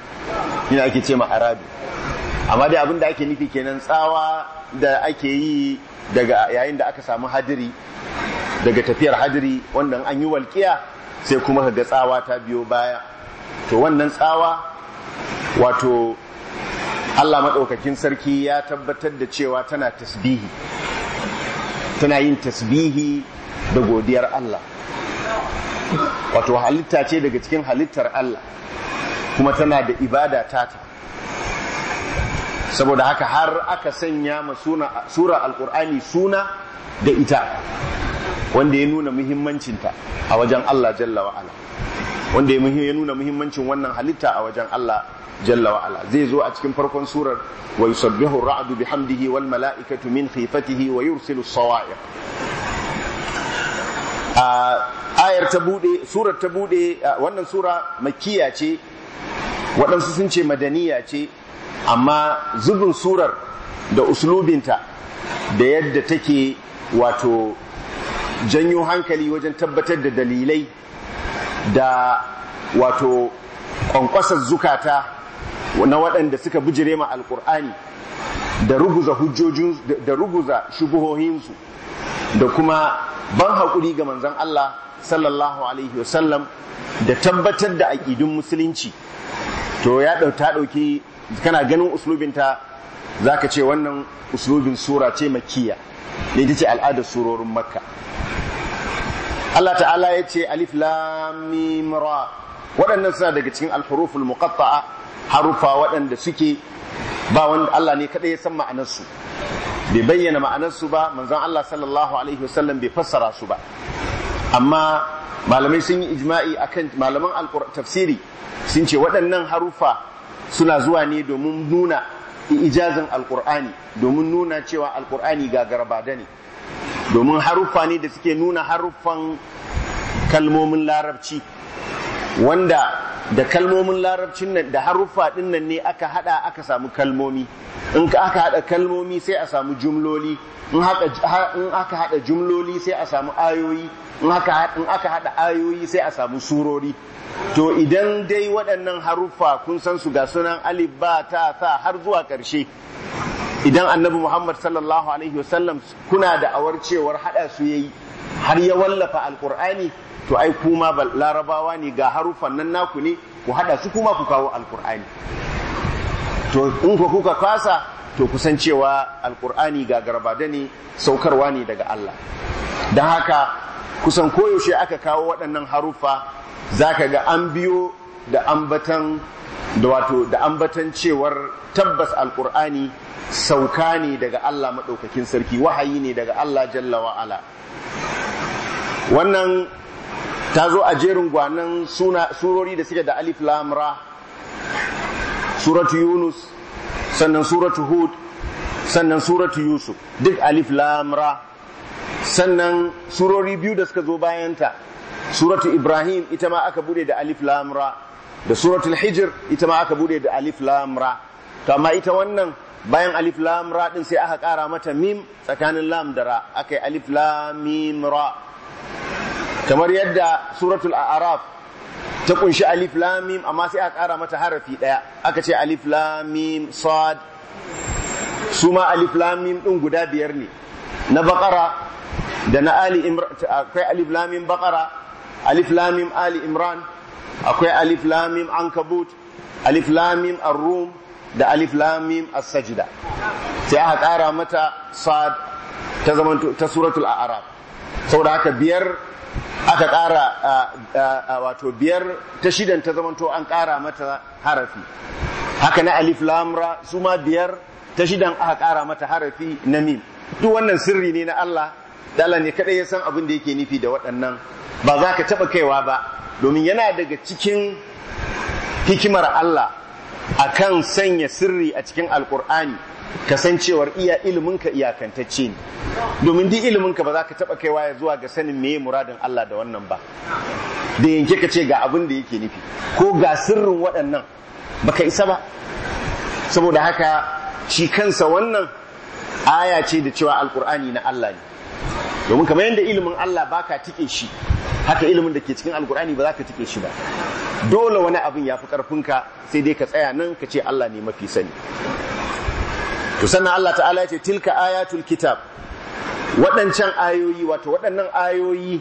ina ake ce ma aradu amma dai abin da ake nufi kenan tsawa da ake yi daga yayin da aka samu hadiri daga tafiyar hadiri wannan an yi walƙiya sai kuma ga tsawa ta biyo baya to wannan tsawa wato Allah maɗaukakin sarki ya tabbatar da cewa tana tasbihi tana yin tasbihi da godiyar Allah wato halitta ce daga cikin halittar Allah kuma tana da ibada tata saboda haka har aka sanya ma sura alkur'ani suna da ita wanda ya nuna muhimmancinta a wajen Allah jalla wa'ala wanda ya nuna muhimmancin wannan halitta a wajen Allah jalla wa'ala zai zo a cikin farkon surar wa yusabbihu ar-ra'du bihamdihi wal mala'ikatu min khifatihi wa yursilu as-sawa'iq ayar ta bude surar ta bude wannan sura makiya ce waɗansu sun ce madaniya ce amma zubin surar da uslubinta da yadda take wato janyo hankali wajen tabbatar da dalilai da wato kwankwasar zukata na waɗanda suka bijire ma alkur'ani da ruguza hujjojin da ruguza shubuhohinsu da kuma ban haƙuri ga manzon Allah sallallahu alaihi wasallam da tabbatar da aƙidun musulunci to ya ta ɗauki kana ganin uslubinta za ka ce wannan uslubin sura ce makiya ne ita ce al'adar surorin makka Allah ta'ala ya ce alif lam mim ra waɗannan suna daga cikin alhuruful muqatta'a harufa waɗanda suke ba wanda Allah ne kadai ya san ma'anarsu bai bayyana ma'anar su ba manzon Allah sallallahu alaihi wasallam bai fassara su ba amma malamai sun yi ijma'i akan malaman tafsiri sun ce waɗannan harufa suna zuwa ne domin nuna ijazin alkur'ani domin nuna cewa alkur'ani ga garbada ne domin haruffa ne da suke nuna haruffan kalmomin larabci wanda da kalmomin larabcin nan da haruffa din nan ne aka hada aka samu kalmomi in aka hada kalmomi sai a samu jumloli in aka hada jumloli sai a samu ayoyi in aka hada ayoyi sai a samu surori to idan dai waɗannan haruffa kun san su ga sunan alif ba ta sa har zuwa ƙarshe idan annabi Muhammad sallallahu alaihi wasallam kuna da awar cewar hada su yayi har ya wallafa alqur'ani to ai kuma larabawa ne ga harufan nan naku ne ku hada su kuma ku kawo alqur'ani to in ku kuka kasa to kusan cewa alqur'ani ga garbada ne saukarwa ne daga Allah dan haka kusan koyaushe aka kawo waɗannan haruffa zaka ga an biyo da ambatan da wato da batan cewar tabbas alkur'ani sauka ne daga Allah maɗaukakin sarki wahayi ne daga Allah jalla wa'ala wannan ta zo a jerin gwanan surori da suke da alif lamra suratu yunus sannan suratu hud sannan suratu yusuf duk alif lamra sannan surori biyu da suka zo bayanta suratu ibrahim ita ma aka bude da alif lamra da suratul hijir ita ma aka bude da alif lam ra to amma ita wannan bayan alif lam ra din sai aka kara mata mim tsakanin lam da ra alif lam mim ra kamar yadda suratul a'raf ta kunshi alif lam mim amma sai aka kara mata harafi daya aka ce alif lam mim sad suma alif lam mim din guda biyar ne na baqara da na ali imran akwai alif lam mim baqara alif lam mim ali imran akwai alif lamim ankabut alif lamim ar-rum da alif lamim as-sajda sai aka ƙara mata sad ta zaman ta suratul a'raf saboda haka biyar aka kara wato biyar ta shidan ta zaman to an ƙara mata harafi haka na alif lam ra su ma biyar ta shidan aka ƙara mata harafi na mim duk wannan sirri ne na Allah da Allah ne kadai ya san abin da yake nufi da waɗannan ba za ka taɓa kaiwa ba domin yana daga cikin hikimar Allah a kan sanya sirri a cikin alkur'ani kasancewar iya iliminka iyakantacce ne domin duk iliminka ba za ka taɓa kaiwa ya zuwa ga sanin meye muradin Allah da wannan ba da yanke ka ce ga abin da yake nufi ko ga sirrin waɗannan ba ka isa ba saboda haka shi kansa wannan aya ce da cewa alkur'ani na Allah ne domin kamar yadda ilimin Allah baka tike shi haka ilimin da ke cikin alkur'ani ba za ka tike shi ba dole wani abin ya fi karfinka sai dai ka tsaya nan ka ce Allah ne mafi sani to sannan Allah ta'ala ya ce tilka ayatul kitab waɗancan ayoyi wato waɗannan ayoyi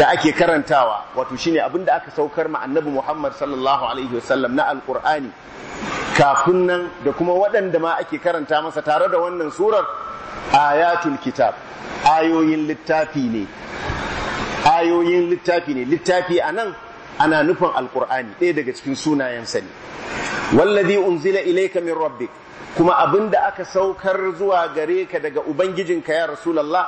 da ake karantawa wato shine abin da aka saukar ma annabi Muhammad sallallahu alaihi wasallam na alkur'ani kafin nan da kuma waɗanda ma ake karanta masa tare da wannan surar ayatul kitab ayoyin littafi ne ayoyin littafi ne littafi a ana nufin alkur'ani ɗaya daga cikin sunayensa ne wallazi unzila ilayka min rabbik kuma abin da aka saukar zuwa gare ka daga ubangijinka ya rasulallah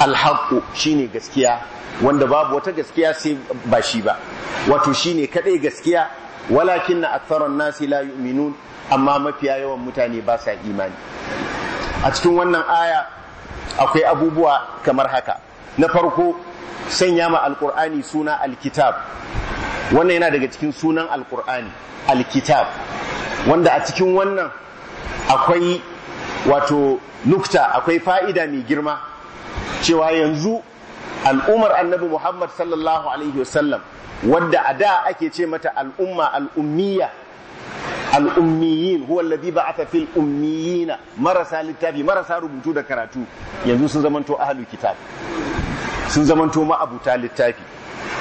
alhaƙu shine gaskiya wanda babu wata gaskiya sai ba shi ba wato shine kaɗai gaskiya walakin na nasi la yu'minun amma mafiya yawan mutane ba sa imani a cikin wannan aya akwai abubuwa kamar haka na farko sanya ma alkur'ani suna alkitab wannan yana daga cikin sunan alkur'ani alkitab wanda a cikin wannan akwai wato nukta akwai fa'ida mai girma cewa yanzu al'ummar annabi muhammad sallallahu alaihi wasallam wadda a da ake ce mata al'umma al'ummiya al'ummiyin huwa ba a fafil ummiyina marasa littafi marasa rubutu da karatu yanzu sun zamanto ahlul kitab sun zamanto ma'abuta littafi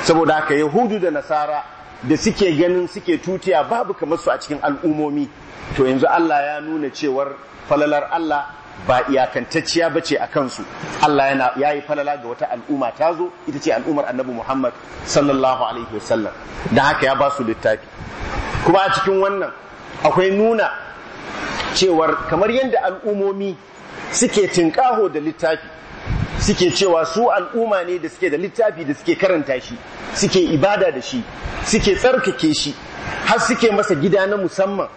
saboda haka yahudu da nasara da suke ganin suke tutiya babu kamar su a cikin al'ummomi to yanzu Allah ya nuna cewar falalar Allah ba iyakantacciya ba ce a kansu Allah ya yi falala ga wata al'umma ta zo ita ce al'ummar annabi Muhammad sallallahu alaihi wasallam da haka ya ba su littafi kuma a cikin wannan akwai nuna cewar kamar yadda al'umomi suke tinkaho da littafi suke cewa su al'umma ne da suke da littafi da suke karanta shi suke ibada da shi suke tsarkake shi har suke masa gida na musamman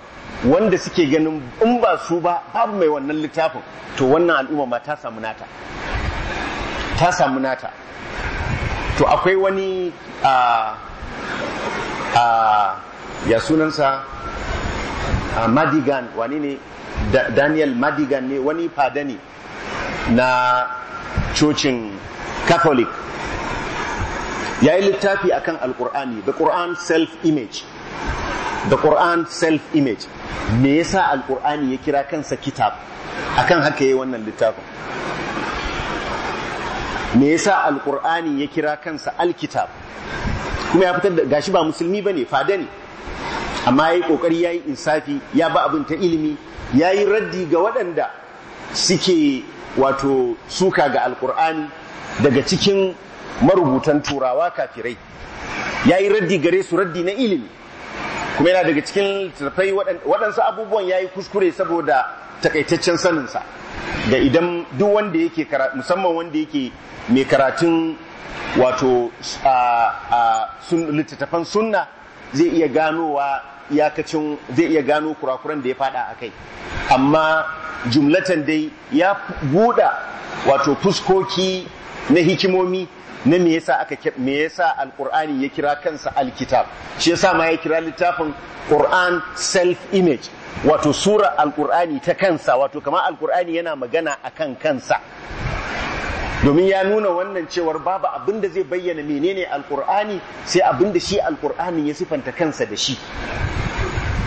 wanda suke ganin in ba su ba babu mai wannan littafin to wannan al'umma ma ta samu nata ta samu nata to akwai wani a ah, ah, ya sunansa a ah, madigan wani ne daniel madigan ne wani fada ne na cocin catholic ya yi littafi akan alkur'ani the quran self-image the quran self-image me yasa alkur'ani ya kira kansa kitab akan haka yi wannan littafin me yasa alkur'ani ya kira kansa alkitab kuma ya fitar da gashi ba musulmi ba ne fada ne amma ya ƙoƙari kokari yi insafi ya ba abin ta ilimi ya yi raddi ga waɗanda suke wato suka ga alkur'ani daga cikin marubutan turawa kafirai Ya yi raddi gare su raddi na ilimi kuma yana daga cikin littattafai waɗansu abubuwan ya yi kuskure saboda takaitaccen saninsa da idan duk wanda yake musamman wanda yake mai karatun wato littattafan sunna zai iya ganowa iyakacin zai iya gano kurakuran da ya fada a kai amma jumlatan dai ya buɗa wato fuskoki na hikimomi na me yasa aka me yasa alqur'ani ya kira kansa alkitab shi yasa ma ya kira littafin qur'an self image wato sura alqur'ani ta kansa wato kamar alqur'ani yana magana akan kansa domin ya nuna wannan cewar babu abin da zai bayyana menene alkur'ani sai abin da shi alkur'ani ya sifanta kansa da shi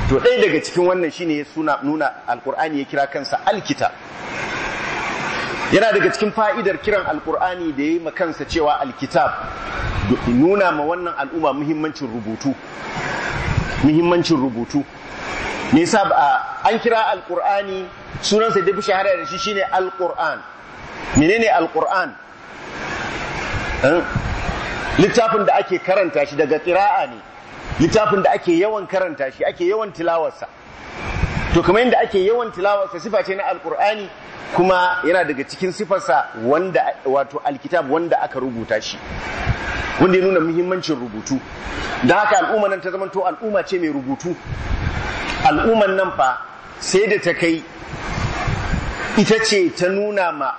to ɗaya daga cikin wannan shine ya suna nuna alkur'ani ya kira kansa alkita yana daga cikin fa'idar kiran alkur'ani da ya yi kansa cewa alkitab nuna ma wannan al'umma muhimmancin rubutu muhimmancin rubutu me yasa an kira alkur'ani sunansa da bi shahara da shi shine alkur'an menene alqur'an eh? littafin da ake karanta shi daga qira'a ne littafin da ake yawan karanta shi ake yawan tilawarsa to kamar yadda ake yawan tilawarsa sifa ce na alqur'ani kuma yana daga cikin sifarsa wanda wato alkitab wanda aka rubuta shi wanda ya nuna muhimmancin rubutu Da haka al'umma nan ta zamanto al'umma ce mai rubutu al'umman nan fa sai da ta kai ita ce ta nuna ma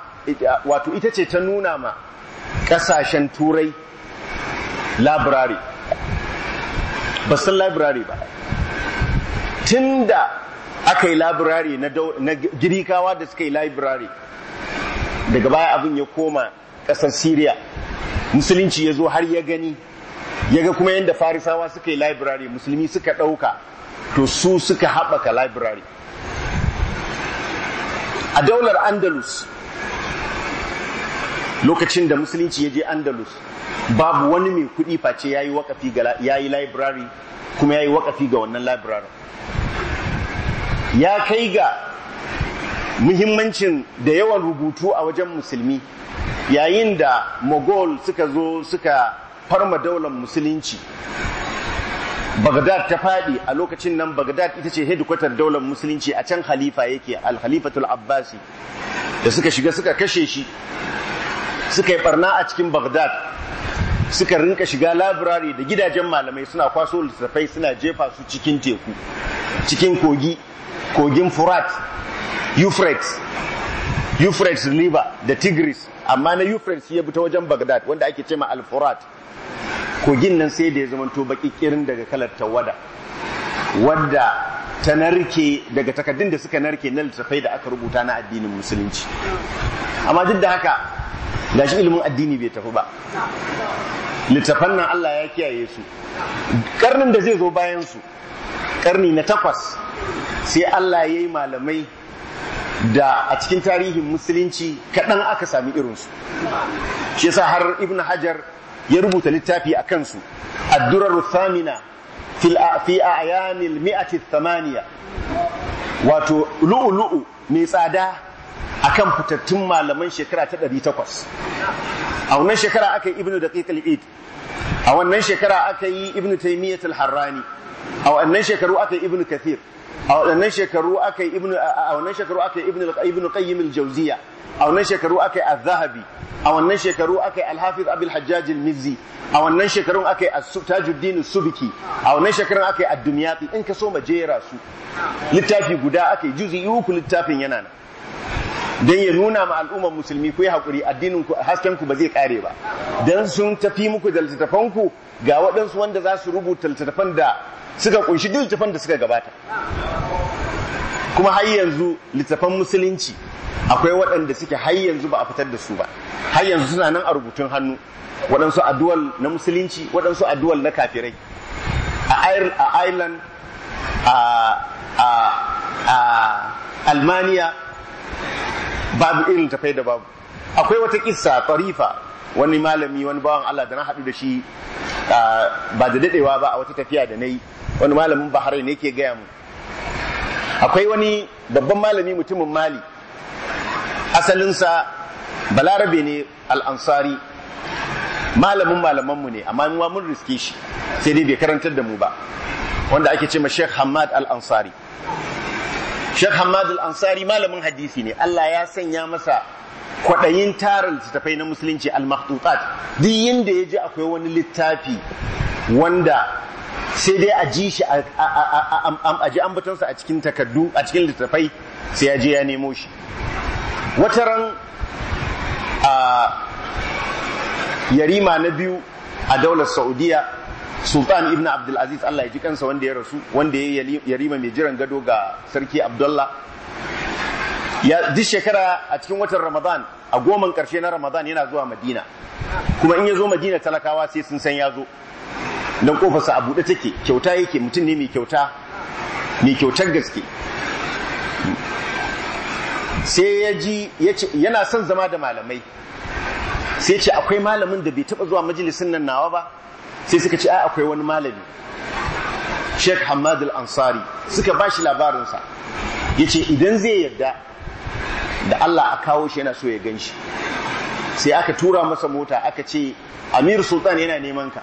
wato ita ce ta nuna ma ƙasashen turai labirari ba san labirari ba tun da aka yi labirari na girikawa da suka yi labirari daga baya abin ya koma ƙasar Siriya, musulunci ya zo har ya gani ya ga kuma yadda farisawa suka yi labirari musulmi suka ɗauka to su suka haɓaka labirari a daular andalus lokacin da musulunci ya je andalus babu wani mai kuɗi face ya yi wakafi ga ya yi library kuma ya yi wakafi ga wannan library ya kai ga muhimmancin da yawan rubutu a wajen musulmi yayin da mogol suka zo suka farma daular musulunci Bagdad ta faɗi a lokacin nan Bagdad ita ce hedikwatar daular musulunci a can halifa yake al-khalifatul abbasi da suka shiga suka kashe shi suka yi barna a cikin Baghdad suka rinka shiga labirari da gidajen malamai suna kwaso littattafai suna jefa su cikin teku cikin kogi kogin Furat Euphrates Euphrates River da Tigris amma na Euphrates ya bi ta wajen Baghdad wanda ake cema Al-Furat kogin nan sai da ya zama to daga kalar tawada wadda ta narke daga takaddun da suka narke na littattafai da aka rubuta na addinin musulunci amma duk da haka da shi ilimin addini bai tafi ba littattafan nan Allah ya kiyaye su karnin da zai zo bayan su karni na takwas sai Allah ya yi malamai da a cikin tarihin musulunci kaɗan aka sami irinsu shi yasa har ibn hajar ya rubuta littafi a kansu addurar Samina. fi a'yanil mi'ati thamaniya wato lu'ulu'u mai tsada akan fitattun malaman shekara ta 800 a wannan shekara aka yi ibnu daqiq al-id a wannan shekara aka yi ibnu taymiyyah al-harrani a wannan shekaru aka yi ibnu kathir a waɗannan shekaru aka yi ibnu a wannan shekaru aka yi ibnu ibnu qayyim al-jawziya a wannan shekaru aka yi az-zahabi a wannan shekaru aka yi al-hafiz abul hajjaj al-mizzi a wannan shekaru aka yi tajuddin subki a wannan shekaru aka yi ad dunyati in ka so ma jera su littafi guda aka yi juz'i uku littafin yana nan dan ya nuna ma al'ummar musulmi ku yi hakuri addinin ku hasken ku ba zai kare ba dan sun tafi muku da littattafan ku ga waɗansu wanda za su rubuta littattafan da suka kunshi duk littafan da suka gabata kuma har yanzu littafan musulunci akwai waɗanda suke har yanzu ba a fitar da su ba har yanzu suna nan a rubutun hannu waɗansu addu'al na musulunci waɗansu addu'al na kafirai a Ireland a Almaniya babu irin tafai da babu akwai wata kissa tarifa wani malami wani bawan Allah da na haɗu da shi ba da daɗewa ba a wata tafiya da na yi wani malamin bahari ne ke gaya mu akwai wani babban malami mutumin mali asalinsa balarabe ne al'ansari malamin malamanmu ne amma nuwa mun riske shi sai dai bai karantar da mu ba wanda ake ce ma sheikh hamad al'ansari sheikh hamad al'ansari malamin hadisi ne allah ya sanya masa kwaɗayin tarin littattafai na musulunci al-maktutat duk yinda ya ji akwai wani littafi wanda sai dai a ji shi a ji ambatonsa a cikin takardu a cikin littattafai sai ya je ya nemo shi wata ran a yarima na biyu a daular saudiya sultan ibn abdulaziz allah ya ji kansa wanda ya rasu wanda ya yi yarima mai jiran gado ga sarki abdullah ya duk shekara a cikin watan ramadan a goman karshe na ramadan yana zuwa madina kuma in ya zo madina talakawa sai sun san ya zo don kofarsa a buɗe take kyauta yake mutum ne mai kyauta mai kyautar gaske sai ya ji yana son zama da malamai sai ce akwai malamin da bai taɓa zuwa majalisin nan nawa ba sai suka ce a akwai wani malami Sheikh Hamad al-Ansari suka ba shi labarinsa ya ce idan zai yarda da Allah a kawo shi yana so ya gan shi sai aka tura masa mota aka ce Amir Sultan yana neman ka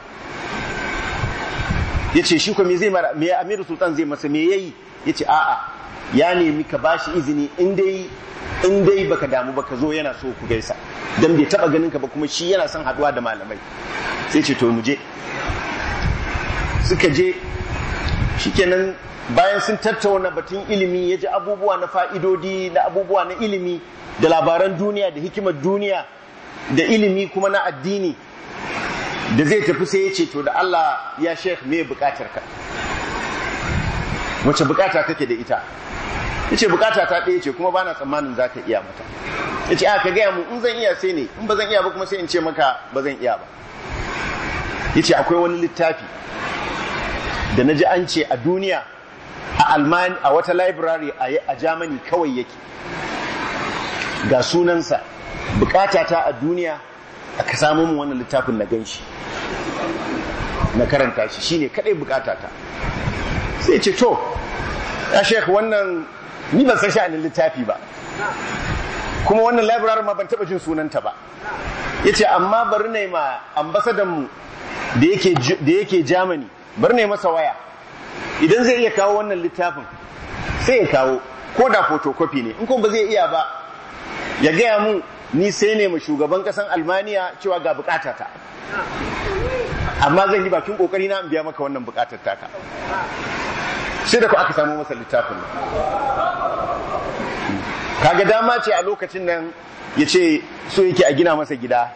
ya ce shi ko zai mara me amiru sultan zai masa me yayi ya ce a'a ya nemi ka ba shi izini in dai ba ka baka damu ka zo yana so ku gaisa dan bai taba ganin ka ba kuma shi yana son haduwa da malamai sai ce to mu je suka je shikenan bayan sun tattauna batun ilimi ya ji abubuwa na fa'idodi na abubuwa na ilimi da labaran duniya da hikimar duniya da ilimi kuma na addini da zai tafi sai ya ce to da Allah ya sheikh me bukatar ka wace bukata kake da ita yace bukata ta ɗaya ce kuma bana tsammanin zaka iya mata yace a ka gaya mu in zan iya sai ne in ba zan iya ba kuma sai in ce maka ba zan iya ba yace akwai wani littafi da naji an ce a duniya a alman a wata library a jamani kawai yake ga sunansa bukata ta a duniya aka samu mu wannan littafin na gan shi na karanta shi shine kadai bukata ta sai ce to ya sheikh wannan ni ban san sha'anin littafi ba kuma wannan library ma ban taba jin sunanta ba yace amma bari ne ma ambasadan mu da yake da yake Germany bari ne masa waya idan zai iya kawo wannan littafin sai ya kawo ko da photocopy ne in kuma ba zai iya ba ya gaya mu ni sai ne ma shugaban kasan almaniya cewa ga bukata ta amma zan yi bakin kokari na biya maka wannan bukatar taka sai da ku aka samu masa littafin kaga dama ce a lokacin nan ya ce so yake a gina masa gida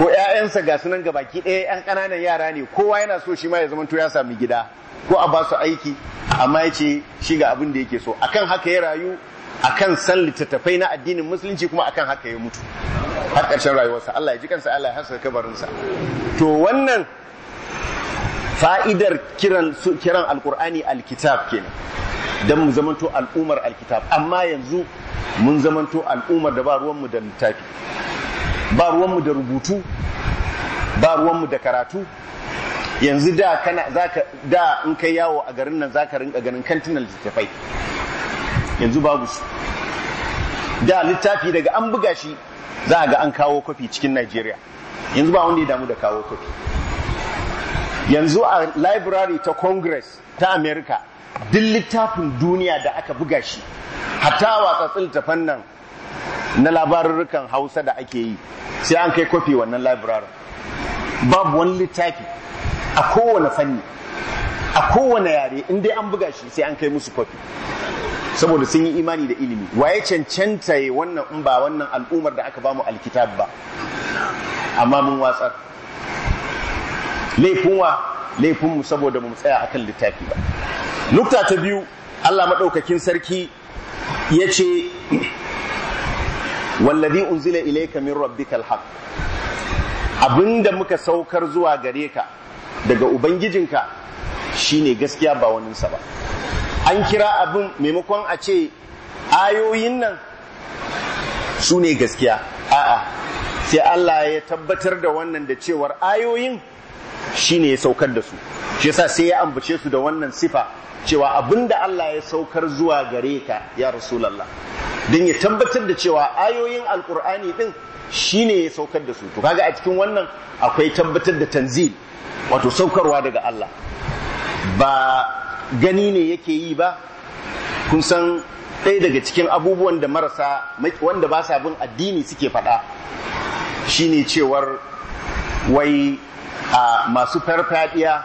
ko 'ya'yansa ga sunan ga baki ɗaya 'yan ƙananan yara ne kowa yana so shi ma ya zama to ya sami gida ko a ba su aiki amma ya ce shi ga abin da yake so akan haka ya rayu akan san littattafai na addinin musulunci kuma akan haka ya mutu har ƙarshen rayuwarsa Allah ya ji kansa Allah ya hasa kabarinsa to wannan fa'idar kiran kiran alqur'ani alkitab kenan dan mu zamanto al'umar alkitab amma yanzu mun zamanto al'umar da ba ruwan mu da littafi ba ruwan mu da rubutu ba ruwan mu da karatu yanzu da kana zaka da in kai yawo a garin nan zaka rinka ganin kantinan littafai yanzu babu su da littafi daga an buga shi za a ga an kawo kwafi cikin Najeriya yanzu ba wanda ya damu da kawo kwafi yanzu a library ta Congress ta America duk littafin duniya da aka buga shi hatta watsatsin ta fannan na labarurrukan Hausa da ake yi sai an kai kwafi wannan library babu wani littafi a kowane fanni a kowane yare in dai an buga shi sai an kai musu kwafi saboda sun yi imani da ilimi waye cancanta yi wannan in ba wannan al'ummar da aka bamu alkitab ba amma mun watsar laifin wa laifin saboda mun tsaya akan littafi ba Lukta ta biyu Allah madaukakin sarki yace wallazi unzila ilayka min rabbikal haq, abinda muka saukar zuwa gare ka daga ubangijinka shine gaskiya ba waninsa ba an kira abin maimakon a ce ayoyin nan su ne gaskiya a'a sai Allah ya tabbatar da wannan da cewar ayoyin shi ne ya saukar da su shi yasa sai ya ambace su da wannan sifa cewa abin da Allah ya saukar zuwa gare ka ya rasulallah don ya tabbatar da cewa ayoyin alkur'ani din shi ne ya saukar da su to kaga a cikin wannan akwai tabbatar da tanzil wato saukarwa daga Allah ba gani ne yake yi ba kun san ɗaya daga cikin abubuwan da marasa wanda ba sa bin addini suke faɗa shine cewar wai a masu farfadiya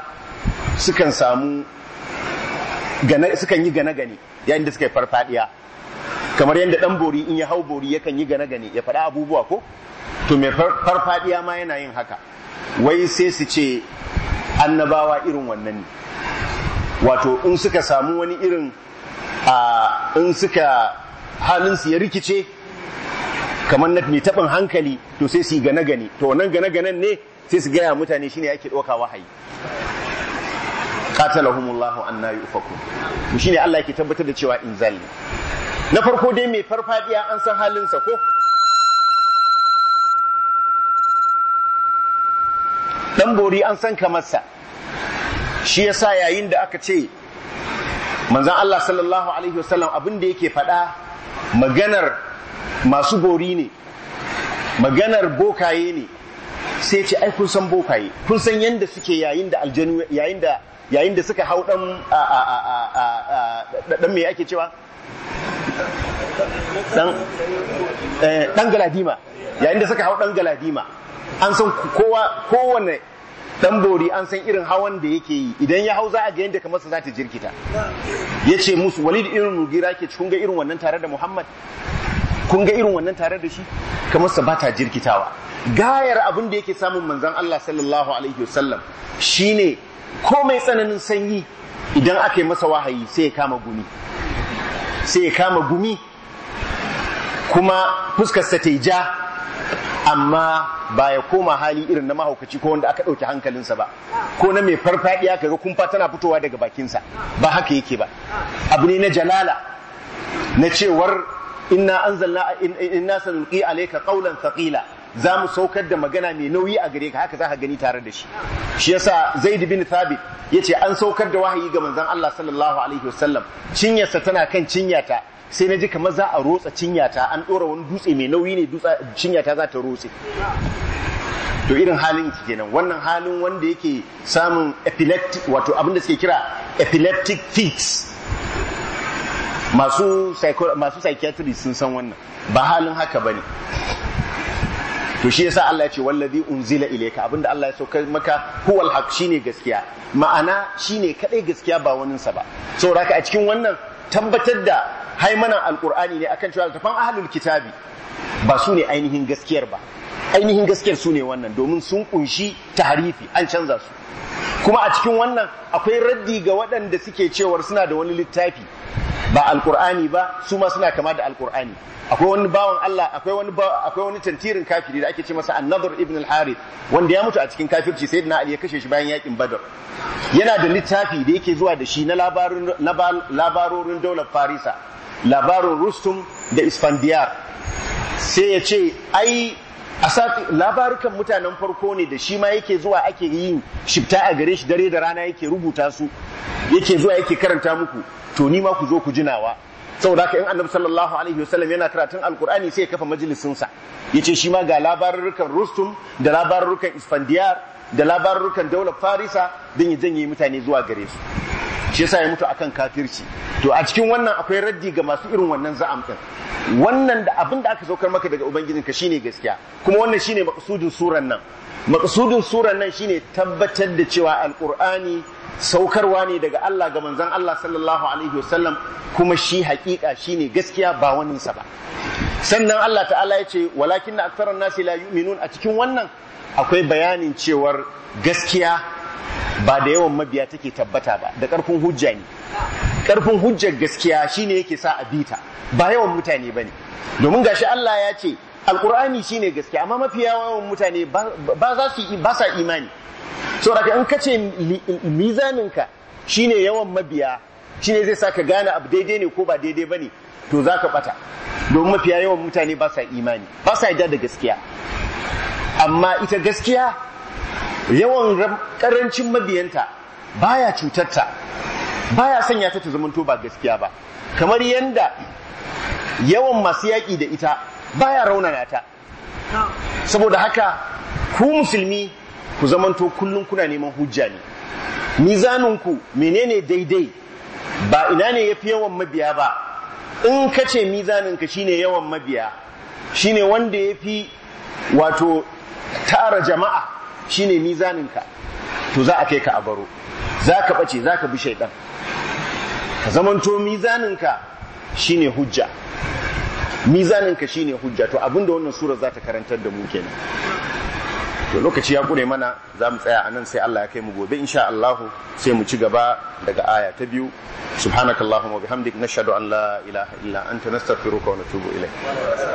sukan samu sukan yi gane-gane yayin da suka yi farfadiya kamar yadda ɗan bori in ya hau bori yakan yi gane-gane ya faɗa abubuwa ko to mai farfadiya ma yana yin haka wai sai su ce annabawa irin wannan ne wato in suka samu wani irin a in suka halinsu ya rikice kamar na mai taɓin hankali to sai su yi gane-gane to nan gane-ganen ne sai su gaya mutane shine ake ɗauka wahayi qatalahumullahu anna yufakun to shine Allah yake tabbatar da cewa in zalli. na farko dai mai farfadiya an san halin sa ko dan bori an san kamar sa shi ya sa yayin da aka ce manzan Allah sallallahu alaihi wasallam abinda da yake faɗa maganar masu gori ne maganar bokaye ne sai ce ai kun san bokaye kun san yadda suke yayin da aljanu yayin da yayin da suka hau dan dan me ake cewa dan dan eh, galadima yayin da suka hau dan galadima an san kowa kowane dan bori an san irin hawan da yake yi idan ya hau za a ga yadda kamar sa za ta jirkita ya ce musu walid irin mugira ke kun ga irin wannan tare da muhammad kun ga irin wannan tare da shi kamar sa ba ta jirkitawa gayar abin da yake samun manzan Allah sallallahu alaihi wasallam shine ko mai tsananin sanyi idan aka yi masa wahayi sai ya kama gumi sai ya kama gumi kuma fuskarsa ta ja amma ba ya koma hali irin na mahaukaci ko wanda aka ɗauki hankalinsa ba ko na mai farfaɗiya ga kumfa tana fitowa daga bakinsa ba haka yake ba abu ne na jalala na cewar inna anzalna inna sanulqi alayka qawlan thaqila za mu saukar da magana mai nauyi a gare ka haka za ka gani tare da shi shi yasa zaid bin thabit ce an saukar da wahayi ga manzon Allah sallallahu alaihi wasallam cinyarsa tana kan cinyata sai na ji kamar za a rotsa cinyata an ɗora wani dutse mai nauyi ne dutsa cinyata za ta rotse to irin halin ki kenan wannan halin wanda yake samun epileptic wato abin suke kira epileptic fits masu masu psychiatrist sun san wannan ba halin haka bane to shi yasa Allah ya ce wallazi unzila ilayka abinda Allah ya sauka maka huwal haq shine gaskiya ma'ana shine kadai gaskiya ba wani sa ba saboda haka a cikin wannan tabbatar da haimanan alqur'ani ne akan cewa tafan ahlul kitabi ba su ne ainihin gaskiyar ba ainihin gaskiyar su ne wannan domin sun kunshi harifi an canza su kuma a cikin wannan akwai raddi ga waɗanda suke cewar suna da wani littafi ba alkur'ani ba su ma suna kama da alkur'ani akwai wani bawan Allah akwai wani akwai tantirin kafiri da ake ce masa an-nadhr ibn al-harith wanda ya mutu a cikin kafirci sayyidina ali ya kashe shi bayan yakin badar yana da littafi da yake zuwa da shi na labarin labarorin daular farisa labarin rustum da isfandiyar sai ya ce ai asati labarukan mutanen farko ne da shi ma yake zuwa ake yin shifta a gare shi dare da rana yake rubuta su yake zuwa yake karanta muku to ni ma ku zo ku jinawa saboda haka in annabi sallallahu alaihi wasallam yana karatun alkur'ani sai ya kafa majalisin sa yace shi ma ga labarukan rustum da labarukan isfandiyar da labarurrukan daular farisa don ya janye mutane zuwa gare su shi yasa ya mutu akan kafirci to a cikin wannan akwai raddi ga masu irin wannan za'am din wannan da abin da aka saukar maka daga ka shine gaskiya kuma wannan shine maqsudin suran nan maqsudin suran nan shine tabbatar da cewa alqur'ani saukarwa ne daga Allah ga manzon Allah sallallahu alaihi wasallam kuma shi hakika shine gaskiya ba sa ba sannan Allah ta'ala ya ce walakin na nasi la yu'minun a cikin wannan akwai bayanin cewar gaskiya ba da yawan mabiya take tabbata ba da ƙarfin hujja ne ƙarfin hujjar gaskiya shine yake sa a bita ba yawan mutane bane domin gashi Allah ya ce alkur'ani shine gaskiya amma mafi yawan mutane ba za su ba sa imani saboda in kace mizaninka shine yawan mabiya shine zai ka gane abu daidai ne ko ba daidai bane to zaka bata domin mafiya yawan mutane ba sa imani ba sa yarda da gaskiya amma ita gaskiya yawan karancin mabiyanta baya cutarta baya sanya ta ta zamanto ba gaskiya ba kamar yadda yawan masu yaƙi da ita baya raunana ta saboda haka ku musulmi ku zamanto kullum kuna neman hujja ne mizaninku menene daidai ba ina ne yafi yawan mabiya ba in ka ce mizaninka shine yawan mabiya shine wanda yafi wato tara jama'a shine mizaninka to za a kai ka a baro za ka bace za ka bi shaidan ka zamanto mizaninka shine hujja mizaninka shine hujja to abinda wannan sura za ta karantar da mu kenan to lokaci ya kure mana za mu tsaya anan sai Allah ya kai mu gobe insha Allah sai mu ci gaba daga aya ta biyu subhanakallahumma wa bihamdik nashhadu an la ilaha illa anta nastaghfiruka wa natubu ilayk